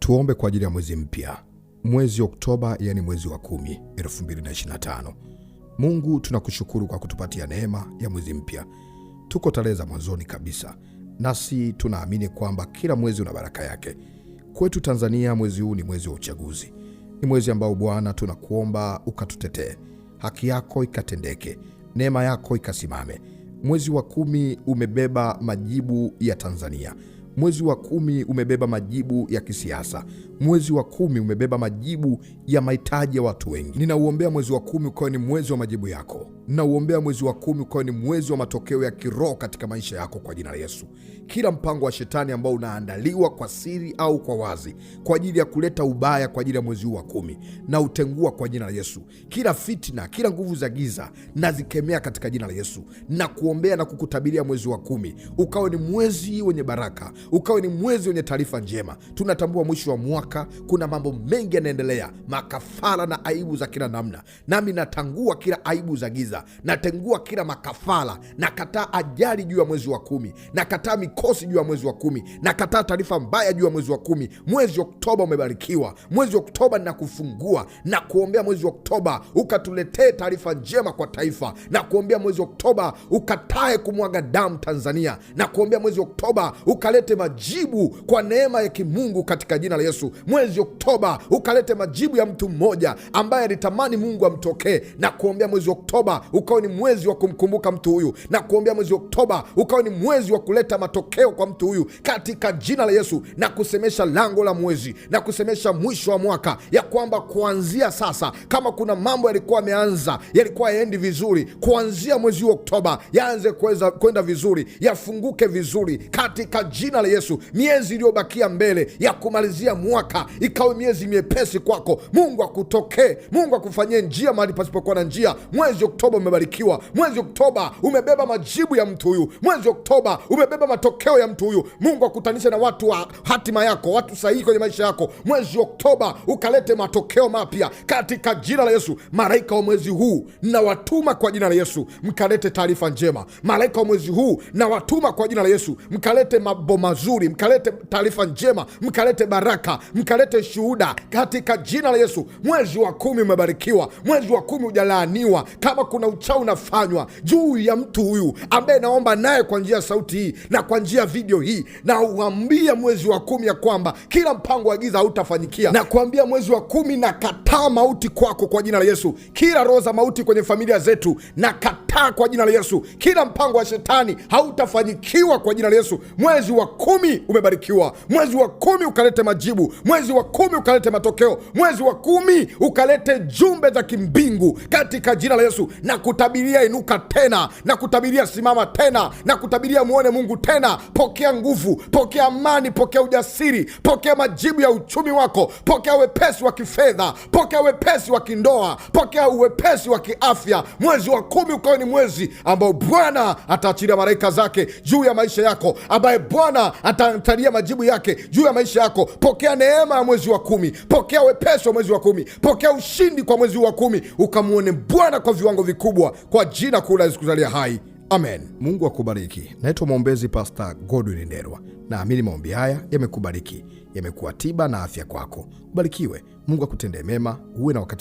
Tuombe kwa ajili ya mwezi mpya, mwezi Oktoba, yani mwezi wa kumi 2025. Mungu tunakushukuru kwa kutupatia neema ya mwezi mpya. Tuko tarehe za mwanzoni kabisa, nasi tunaamini kwamba kila mwezi una baraka yake. Kwetu Tanzania, mwezi huu ni mwezi wa uchaguzi. Ni mwezi ambao Bwana, tunakuomba ukatutetee, haki yako ikatendeke, neema yako ikasimame. Mwezi wa kumi umebeba majibu ya Tanzania. Mwezi wa kumi umebeba majibu ya kisiasa. Mwezi wa kumi umebeba majibu ya mahitaji ya watu wengi. Ninauombea mwezi wa kumi ukawe ni mwezi wa majibu yako. Ninauombea mwezi wa kumi ukawe ni mwezi wa matokeo ya kiroho katika maisha yako kwa jina la Yesu. Kila mpango wa shetani ambao unaandaliwa kwa siri au kwa wazi kwa ajili ya kuleta ubaya kwa ajili ya mwezi huu wa kumi, na utengua kwa jina la Yesu. Kila fitina, kila nguvu za giza nazikemea katika jina la Yesu na kuombea na kukutabiria mwezi wa kumi ukawe ni mwezi wenye baraka ukawe ni mwezi wenye taarifa njema. Tunatambua mwisho wa mwaka kuna mambo mengi yanaendelea, makafara na aibu za kila namna. Nami natangua kila aibu za giza, natengua kila makafara, nakataa ajali juu ya mwezi wa kumi, nakataa mikosi juu ya mwezi wa kumi, nakataa taarifa mbaya juu ya mwezi wa kumi. Mwezi Oktoba umebarikiwa, mwezi Oktoba kufungua na kuombea mwezi Oktoba ukatuletee taarifa njema kwa taifa, na kuombea mwezi Oktoba ukatae kumwaga damu Tanzania, na kuombea mwezi Oktoba ukalete ukalete majibu kwa neema ya kimungu katika jina la Yesu. Mwezi Oktoba ukalete majibu ya mtu mmoja ambaye alitamani Mungu amtokee na kuombea. Mwezi Oktoba ukawe ni mwezi wa kumkumbuka mtu huyu na kuombea. Mwezi Oktoba ukawe ni mwezi wa kuleta matokeo kwa mtu huyu katika jina la Yesu, na kusemesha lango la mwezi na kusemesha mwisho wa mwaka, ya kwamba kuanzia sasa, kama kuna mambo yalikuwa yameanza yalikuwa yaendi vizuri, kuanzia mwezi wa Oktoba yaanze kwenda vizuri, yafunguke vizuri katika jina jina la Yesu, miezi iliyobakia mbele ya kumalizia mwaka ikawe miezi miepesi kwako. Mungu akutokee, Mungu akufanyie njia mahali pasipokuwa na njia. Mwezi Oktoba umebarikiwa, mwezi Oktoba umebeba majibu ya mtu huyu, mwezi Oktoba umebeba matokeo ya mtu huyu. Mungu akutanishe na watu wa hatima yako, watu sahihi kwenye maisha yako. Mwezi Oktoba ukalete matokeo mapya katika jina la Yesu. Malaika wa mwezi huu nawatuma kwa jina la Yesu, mkalete taarifa njema. Malaika wa mwezi huu nawatuma kwa jina la Yesu, mkalete maboma mazuri, mkalete taarifa njema, mkalete baraka, mkalete shuhuda katika jina la Yesu. Mwezi wa kumi umebarikiwa, mwezi wa kumi hujalaaniwa. Kama kuna uchawi unafanywa juu ya mtu huyu ambaye naomba naye kwa njia ya sauti hii na kwa njia ya video hii, na uambia mwezi wa kumi ya kwamba kila mpango wa giza hautafanyikia, na kuambia mwezi wa kumi, na kataa mauti kwako kwa jina la Yesu. Kila roho za mauti kwenye familia zetu na Kataa kwa jina la Yesu, kila mpango wa shetani hautafanyikiwa kwa jina la Yesu. Mwezi wa kumi umebarikiwa, mwezi wa kumi ukalete majibu, mwezi wa kumi ukalete matokeo, mwezi wa kumi ukalete jumbe za kimbingu katika jina la Yesu. Na kutabiria inuka tena, na kutabiria simama tena, na kutabiria muone Mungu tena. Pokea nguvu, pokea amani, pokea ujasiri, pokea majibu ya uchumi wako, pokea wepesi wa kifedha, pokea wepesi wa kindoa, pokea uwepesi wa kiafya. Mwezi wa kumi ukawe ni mwezi ambao Bwana ataachilia malaika zake juu ya maisha yako, ambaye Bwana ataantalia majibu yake juu ya maisha yako. Pokea neema ya mwezi wa kumi, pokea wepesi wa mwezi wa kumi, pokea ushindi kwa mwezi wa kumi, ukamwone Bwana kwa viwango vikubwa, kwa jina kuu la Yesu kuzalia hai. Amen. Mungu akubariki. Naitwa mwombezi Pasta Godwin Ndelwa. Naamini maombi haya yamekubariki, yamekuwa tiba na afya kwako. Ubarikiwe, Mungu akutendee mema, uwe na wakati